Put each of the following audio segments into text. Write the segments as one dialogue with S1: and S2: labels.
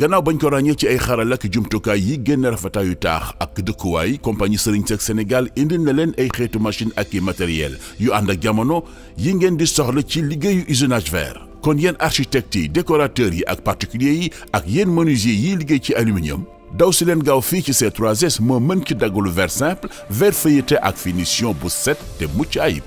S1: gannaaw bañ ko ràññee ci ay xaral ak jumtukaay yi génn rafetaayu taax ak dëkkuwaay compagnie Serigne Seck Sénégal indil na leen ay xeetu machine ak i matériel yu ànd ak jamono yi ngeen di soxla ci liggéeyu usinage vert. kon yéen architecte yi décorateur yi ak particulier yi ak yéen menuisier yiy liggéey ci aluminium daw si leen gaaw fii ci ces 3S moo mën ci daggalu verre simple verre feuilleté ak finition bu set te mucc ayib.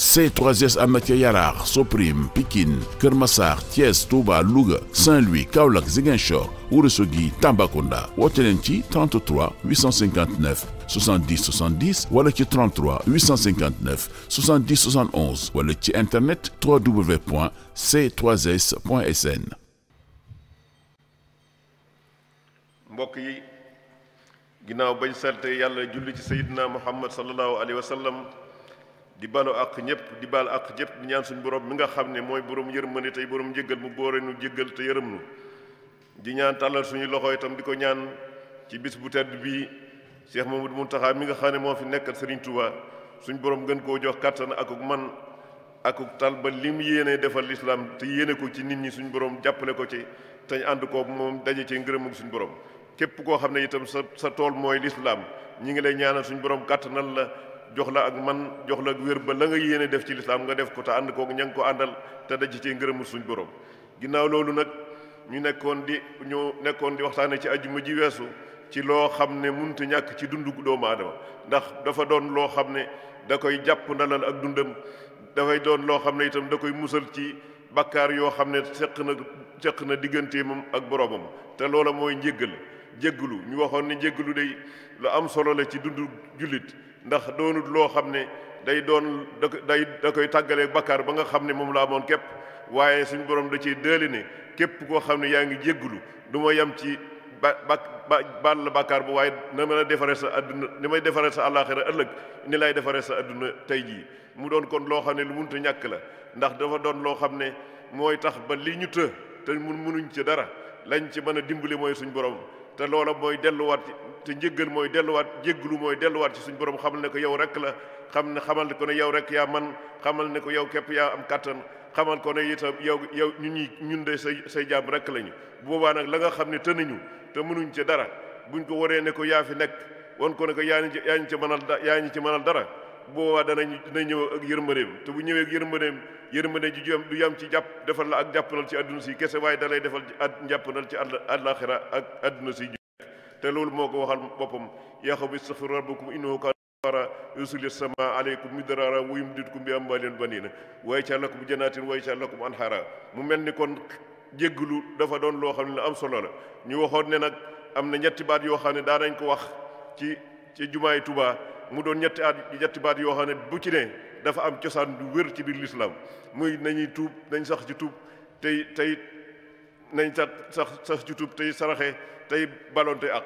S1: C3S Amitié Yaraax Soprim Pikine Kër Massar Thiès Touba Louga Saint-Louis Kaolack Ziguinchor Ourossogui Tambacounda woote leen ci 33 859 70 70 wala ci 33 859 70 71 wala ci internet www.c3s.sn.
S2: mbokk yi ginnaaw bañ serte yàlla julli ci Seydina Muhammad sallallahu alayhi wa sallam. di balu ak ñëpp di bal ak ñëpp di ñaan suñu borom mi nga xam ne mooy borom yërmande tey borom jéggal mu boore nu jéggal te yërëm nu di ñaan tàllal suñu loxo itam di ko ñaan ci bis bu tedd bii Cheikh Mamadou taxaa mi nga xam ne moo fi nekkal Serigne Touba suñu boroom gën koo jox kattan akuk man akuk tal ba lim yéene defal lislaam te yéene ko ci nit ñi suñu borom jàppale ko ci te ñu ànd kook moom daje ci ngërëmug suñu borom képp koo xam ne itam sa sa tool mooy lislaam ñi ngi lay ñaanal suñu borom kattanal la. jox la ak man jox la ak wér ba la nga yéene def ci lislaam nga def ko te ànd kook ña ngi ko àndal te daj ci ngërëmul suñ borom ginnaaw loolu nag ñu nekkoon di ñu nekkoon di waxtaane ci ajjuma ji weesu ci loo xam ne mënut a ñàkk ci dundu doomu aadama ndax dafa doon loo xam ne da koy jàpp ndalal ak dundam dafay doon loo xam ne itam da koy musal ci bakkaar yoo xam ne seq na seq na digganteemam ak boromam te loola mooy njéggal jéggalu ñu waxoon ne njéggalu day lu am solo la ci dundu jullit ndax doonut loo xam ne day doon da day da koy tàggalee bakkaar ba nga xam ne moom laa amoon képp waaye suñu borom da ciy dëli ne képp koo xam ne yaa ngi jéggulu du ma yem ci ba ba baal la bakkaar bu waaye na mën a defaree sa àdduna ni may defaree sa àllaaxira ëllëg ni lay defaree sa àdduna tey jii mu doon kon loo xam ne lu munta ñàkk la ndax dafa doon loo xam ne mooy tax ba li ñu të te mun munuñ ci dara lañ ci mën a dimbali mooy suñu borom te loola mooy delluwaat te njëggal mooy delluwaat jégglu mooy delluwaat ci suñ borom xamal ne ko yow rek la xam ne xamal ne ko ne yow rek yaa man xamal ne ko yow képp yaa am kàttan xamal ko ne itam yow yow ñu ñuy ñun de say say jaam rek lañu bu boobaa nag la nga xam ne tënuñu te mënuñ ci dara buñ ko waree ne ko yaa fi nekk wan ko ne ko yaa ñu ci yaa ñu ci mënal yaa ñu ci mënal dara bu boobaa danañ dina ñëw ak yërmandeem te bu ñëwee ak yërmandeem yére yërmande ji du yam ci jàpp defal la ak jàppandal ci àdduna si kese waaye da lay defal ak jàppandal ci àllaaxira ak àdduna si te loolu moo ko waxal boppam yaa qawmi istaghfiru rabbakum innahu kaana ghaffaaran yursilis samaa'a aleykum midraaran wa yumdidkum bi amwaalin wa baniina wa yaj'al lakum jannaatin wa yaj'al lakum anhaara mu mel ni kon jégglu dafa doon loo xam ne am solo la ñu waxoon ne nag am na ñetti baat yoo xam ne daanañ ko wax ci ci jumaay Tuubaa mu doon ñetti at ñetti baat yoo xam ne bu ci ne dafa am cosaan bu wér ci biir lislaam muy nañuy tuub nañ sax ci tuub tey tey nañ sax sax sax ci tuub tey saraxe tey balonte ak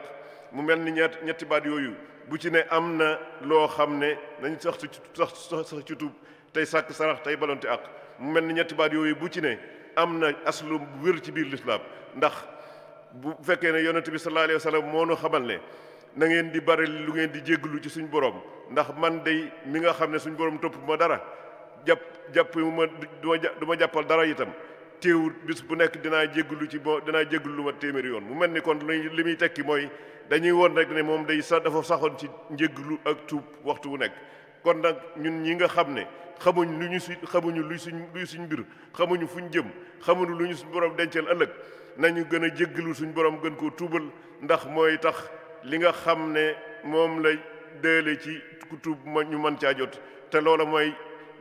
S2: mu mel ni ñett ñetti baat yooyu bu ci ne am na loo xam ne nañ sax ci sax sax sax tuub tey sàkk sarax tey balonte ak mu mel ni ñetti baat yooyu bu ci ne am na aslu wér ci biir lislaam ndax bu fekkee ne yonent bi sallallahu alayhi wa sallam moo nu xamal ne na ngeen di bari lu ngeen di jégglu ci suñu borom ndax man day mi nga xam ne suñ borom topp ma dara jàpp jàpp ma du ma jàppal dara itam téewul bis bu nekk dinaa jégglu ci bo dinaa jégglu lu ma téeméeri yoon mu mel ni kon li muy tekki mooy dañuy woon rek ne moom day sax dafa saxoon ci njégglu ak tuub waxtu wu nekk kon nag ñun ñi nga xam ne xamuñ lu ñu su xamuñu luy suñ luy suñ mbir xamuñu fuñ jëm xamuñu lu ñu suñ borom denceel ëllëg nañu gën a jégglu suñu borom gën koo tuubal ndax mooy tax li nga xam ne moom la dëële ci ku tuub ma ñu mën caa jot te loola mooy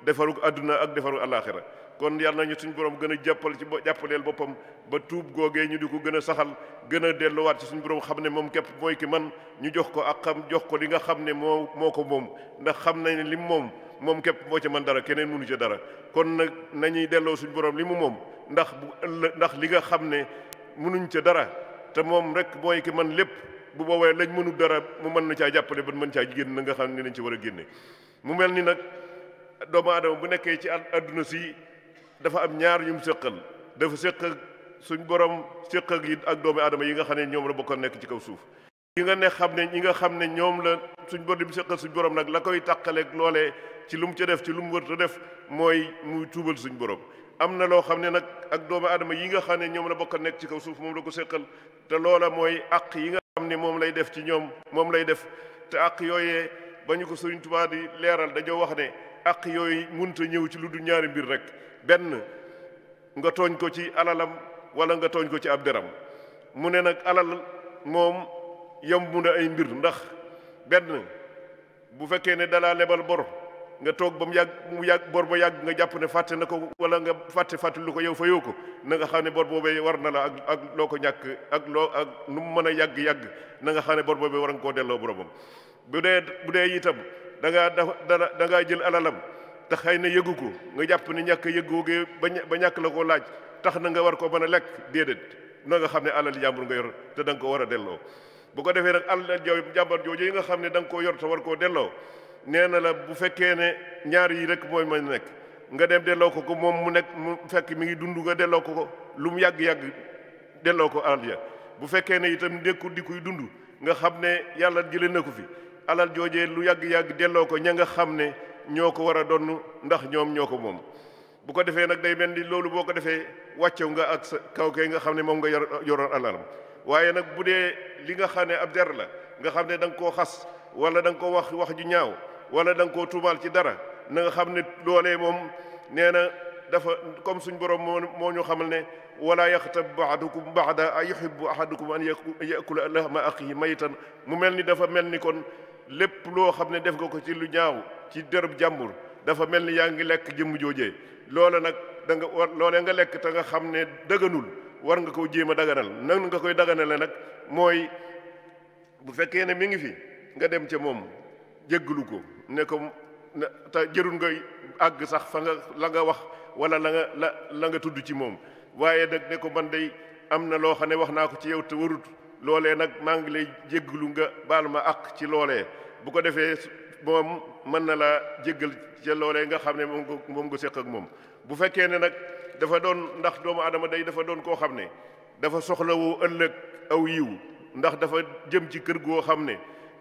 S2: defarug àdduna ak defarug alaaxira kon yàlla ñu suñu borom gën a jàppal ci ba jàppaleel boppam ba tuub googee ñu di ko gën a saxal gën a delluwaat ci suñu borom xam ne moom képp mooy ki man ñu jox ko ak xam jox ko li nga xam ne moo moo ko moom ndax xam nañ ne lim moom moom képp moo ci mën dara keneen mënu ci dara kon nag nañuy delloo suñu borom li mu moom ndax bu ëllëg ndax li nga xam ne mënuñ ca dara te moom rek mooy ki man lépp. bu boobaa lañ mënu dara mu mën na caa jàppale ba mën caa génn na nga xam ne lañ ci war a mu mel ni nag doomu aadama bu nekkee ci àdduna si dafa am ñaar ñu mu séqal dafa séq ak borom séq ak ak doomu aadama yi nga xam ne ñoom la bokkoon nekk ci kaw suuf yi ne xam ne ñi nga xam ne ñoom la suñ borom di séqal suñ nag la koy tàqaleeg loolee ci lu mu ca def ci lu mu war a def mooy muy tuubal suñ borom am na loo xam ne nag ak doomu aadama yi nga xam ne ñoom la bokk nekk ci kaw suuf moom la ko seqal te loola mooy àq yi nga ni moom lay def ci ñoom moom lay def te àq yooyee ba ñu ko Sëriñ Tuubaa leeral dañoo wax ne àq yooyu munta ñëw ci lu dul ñaari mbir rek benn nga tooñ ko ci alalam wala nga tooñ ko ci ab deram mu ne nag alal moom yomb na ay mbir ndax benn bu fekkee ne dalaa lebal bor nga toog ba mu yàgg mu yàgg bor ba yàgg nga jàpp ne fàtte na ko wala nga fàtte fàttali ko yow fa yow ko nanga nga xam ne bor boobee war na la ak ak loo ko ñàkk ak loo ak nu mu mën a yàgg-yàgg na nga xam ne bor boobee war nga koo delloo boromam bu dee bu dee itam da ngaa da da ngaa jël alalam te xëy na yëgu ko nga jàpp ne ñàkk yëggoogee ba ñàkk la koo laaj tax na nga war ko mën a lekk déedéet na nga xam ne alal jàmbur nga yor te da ko war a delloo bu ko defee nag alal jaww jàmbar jooju yi nga xam ne da nga koo yor te war koo delloo nee na la bu fekkee ne ñaar yi rek mooy ma nekk nga dem delloo ko ko moom mu nekk mu fekk mi ngi dund nga delloo ko ko lu mu yàgg-yàgg delloo ko alal ja bu fekkee ne itam nekkul di kuy dund nga xam ne yàlla jëlee na ko fi alal joojee lu yàgg-yàgg delloo ko ña nga xam ne ñoo ko war a donn ndax ñoom ñoo ko moom bu ko defee nag day mel ni loolu boo ko defee wàccew nga ak sa kaw kee nga xam ne moom nga yoroon alalam waaye nag bu dee li nga xam ne ab der la nga xam ne da nga koo xas wala da ko wax wax ju ñaaw wala da nga koo tuumaal ci dara na nga xam ne loolee moom nee na dafa comme suñ borom moo moo ñu xamal ne wala yaxtab baadukum baada a yu yuhibbu ahadukum an yakula ak axihi maytan mu mel ni dafa mel ni kon lépp loo xam ne def nga ko ci lu ñaaw ci dërëb jàmbur dafa mel ni yaa ngi lekk jëmm joojee loola nag danga nga war loolee nga lekk ta nga xam ne dëganul war nga ko jéem a daganal nan nga koy daganale nag mooy bu fekkee ne mi ngi fi nga dem ca moom jéggalu ko ne ko te jërul ngay àgg sax fa nga la nga wax wala la nga la la nga tudd ci moom waaye nag ne ko man dey am na loo xam ne wax naa ko ci yow te loolee nag maa ngi lay jéggalu nga baal ma àq ci loolee bu ko defee moom mën na laa jéggal ca loolee nga xam ne moom nga moom nga séq moom bu fekkee ne nag dafa doon ndax doomu aadama day dafa doon koo xam ne dafa soxlawoo ëllëg aw yiw ndax dafa jëm ci kër goo xam ne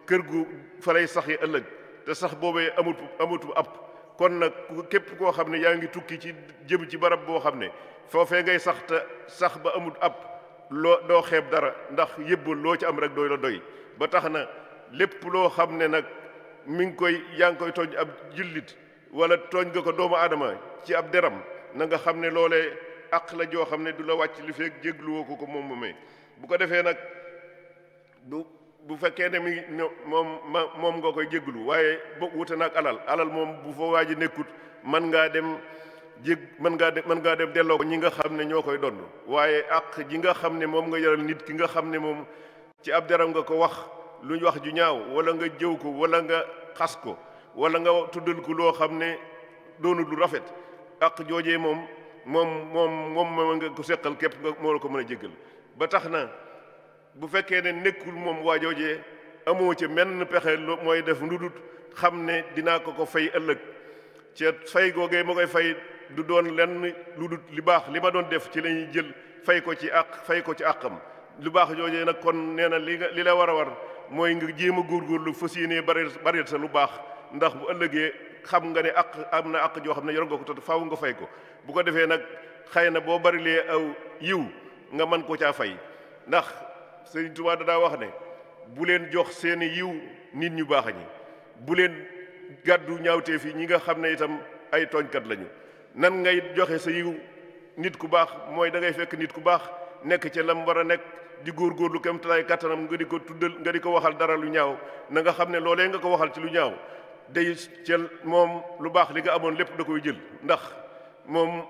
S2: kër gu fa lay saxi ëllëg te sax boobee amut amutu ab kon nag képp koo xam ne yaa ngi tukki ci jëm ci barab boo xam ne foofee ngay sax te sax ba amut ab loo doo xeeb dara ndax yëbbal loo ci am rek doy la doy ba tax na lépp loo xam ne nag mi ngi koy yaa ngi koy tooñ ab jillit wala tooñ nga ko doomu aadama ci ab deram na nga xam ne loole àq la joo xam ne du la wàcc li feeg jégluwoo ko ko moom moomee bu ko defee nag du bu fekkee ne mi moom ma moom nga koy jégglu waaye bo wute naag alal alal moom bu fa waa ji nekkut man ngaa dem jég mën ngaa mën ngaa dem delloo ko ñi nga xam ne ñoo koy donn waaye ak ji nga xam ne moom nga yaral nit ki nga xam ne moom ci ab deram nga ko wax lu ñu wax ju ñaaw wala nga jëw ko wala nga xas ko wala nga tuddal ko loo xam ne doonul lu rafet ak joojee moom moom moom moom ma nga ko seqal képp nga moo la ko mën a jéggal ba tax na bu fekkee ne nekkul moom waajoojee amoo ci menn pexe mooy def ndudut xam ne dinaa ko ko fay ëllëg ci fay googee ma koy fay du doon lenn lu dut li baax li ma doon def ci lañuy jël fey ko ci àq fay ko ci àqam lu baax joojee nag kon nee na li li la war a war mooy nga jéem a góorgóorlu fas yéenee bari bari sa lu baax ndax bu ëllëgee xam nga ne àq am na àq joo xam ne yor nga ko te faaw nga fay ko bu ko defee nag xëy na boo barilee aw yiw nga mën ko caa fay sëriñ Tuubaa da daa wax ne bu leen jox seeni yiw nit ñu baax ñi bu leen gàddu ñaawteef yi ñi nga xam ne itam ay tooñkat lañu nan ngay joxe sa yiw nit ku baax mooy da ngay fekk nit ku baax nekk ca lam war a nekk di góor góorgóorlu kem talaay kattanam nga di ko tuddal nga di ko waxal dara lu ñaaw na nga xam ne loolee nga ko waxal ci lu ñaaw day ca moom lu baax li nga amoon lépp da koy jël ndax moom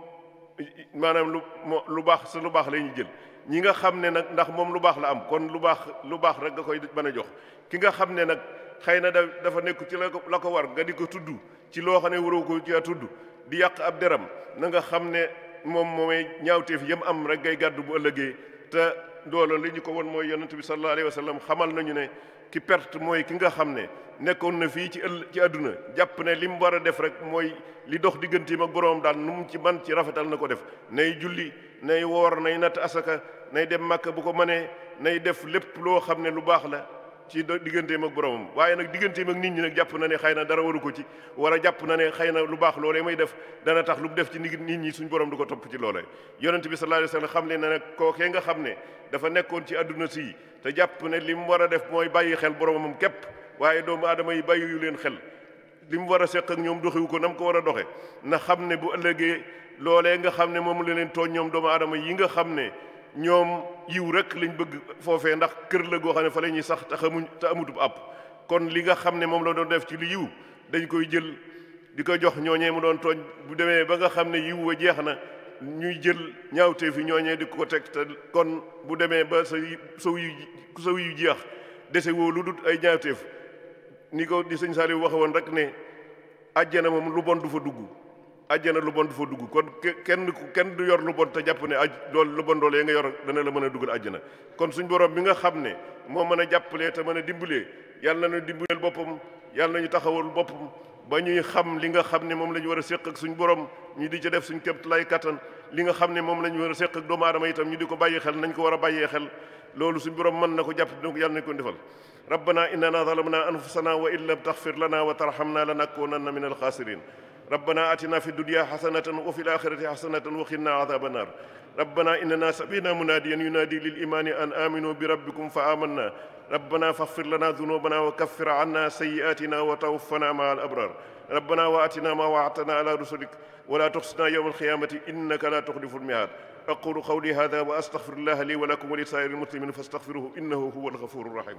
S2: maanaam lu lu baax sa lu baax la ñuy jël ñi nga xam ne nag ndax moom lu baax la am kon lu baax lu baax rek nga koy mën a jox ki nga xam ne nag xëy na da dafa nekk ci la ko la ko war nga di ko tudd ci loo xam ne waroo ko ci a tudd di yàq ab deram na nga xam ne moom moomay ñaawteef yam am rek ngay gàddu bu ëllëgee te doolo li ñu ko won mooy yonent bi sallallahu alayhi wa sallam xamal nañu ne ki perte mooy ki nga xam ne nekkoon na fii ci ëll ci àdduna jàpp ne li mu war a def rek mooy li dox yi ma borom daal nu mu ci man ci rafetal na ko def nay julli nay woor nay natt asaka nay dem màkk bu ko mënee nay def lépp loo xam ne lu baax la ci digganteem ak boromam waaye nag digganteem ak nit ñi nag jàpp na ne xëy na dara waru ko ci war a jàpp na ne xëy na lu baax loolee may def dana tax lu mu def ci nit nit ñi suñ borom du ko topp ci loolee yonent bi sallallahu alayhi wasallam xam le na nag kookee nga xam ne dafa nekkoon ci àdduna si te jàpp ne li mu war a def mooy bàyyi xel boromam képp waaye doomu aadama yi bàyyi yu leen xel li mu war a seq ak ñoom doxewu ko nam ko war a doxe na xam ne bu ëllëgee loolee nga xam ne moom la leen ñoom doomu aadama yi nga xam ne ñoom yiw rek lañ bëgg foofee ndax kër la goo xam ne fa la ñuy sax te xamuñ te amutub àpp kon li nga xam ne moom la doon def ci lu yiw dañ koy jël di ko jox ñooñee mu doon tooñ bu demee ba nga xam ne yiw wa jeex na ñuy jël ñaawtee fi ñooñee di ko teg te kon bu demee ba sa saw yu saw yu jeex dese woo lu dut ay ñaawteef ni ko di sëñ Saliou waxe woon rek ne àjjana moom lu bon du fa dugg àjjana lu bon du fa dugg kon kenn kenn du yor lu bon te jàpp ne aj loolu lu bon loolu ya nga yor dana la a dugal kon suñ borom bi nga xam ne moo mën a jàppalee te mën a dimbalee yàlla nañu dimbaleel boppam yàlla nañu taxawal boppam ba ñuy xam li nga xam ne moom la ñu war a séq ak suñ ñu di ci def suñ képp kattan li nga xam ne moom la ñu war a séq ak doomu aadama itam di ko bàyyi xel nañ ko war a bàyyee xel loolu suñ borom mën na ko jàpp dina ko yàlla nañ ko defal rabbana innana zalamna anfusana wa in lam taxfir lana wa tarhamna lanakunanna min alxaasirin ربنا آتنا في الدنيا حسنة وفي الآخرة حسنة وقنا عذاب النار ربنا إننا سمعنا مناديا ينادي للإيمان أن آمنوا بربكم فآمنا ربنا فاغفر لنا ذنوبنا وكفر عنا سيئاتنا وتوفنا مع الأبرار ربنا وآتنا ما وعدتنا على رسلك ولا تخزنا يوم القيامة إنك لا تخلف الميعاد أقول قولي هذا وأستغفر الله لي ولكم ولسائر المسلمين فاستغفروه إنه هو الغفور الرحيم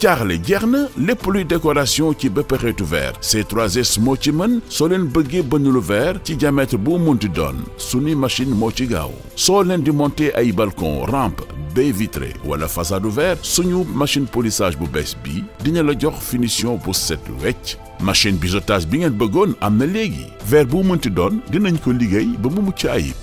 S1: jaaxle jeex na lépp luy décoration ci ba pexeetu verre C3S moo ci mën soo leen bëggee bënn lu verre ci diamètre bu munti doon suñu machine moo ci gaaw soo leen di monter ay balcon ramp baie vitrée wala façade ouverte suñu machine polissage bu bees bi dina la jox finition bu set wecc machine biseautage bi ngeen bëggoon am na léegi ver bu munti doon dinañ ko liggéey ba mu mucc ayib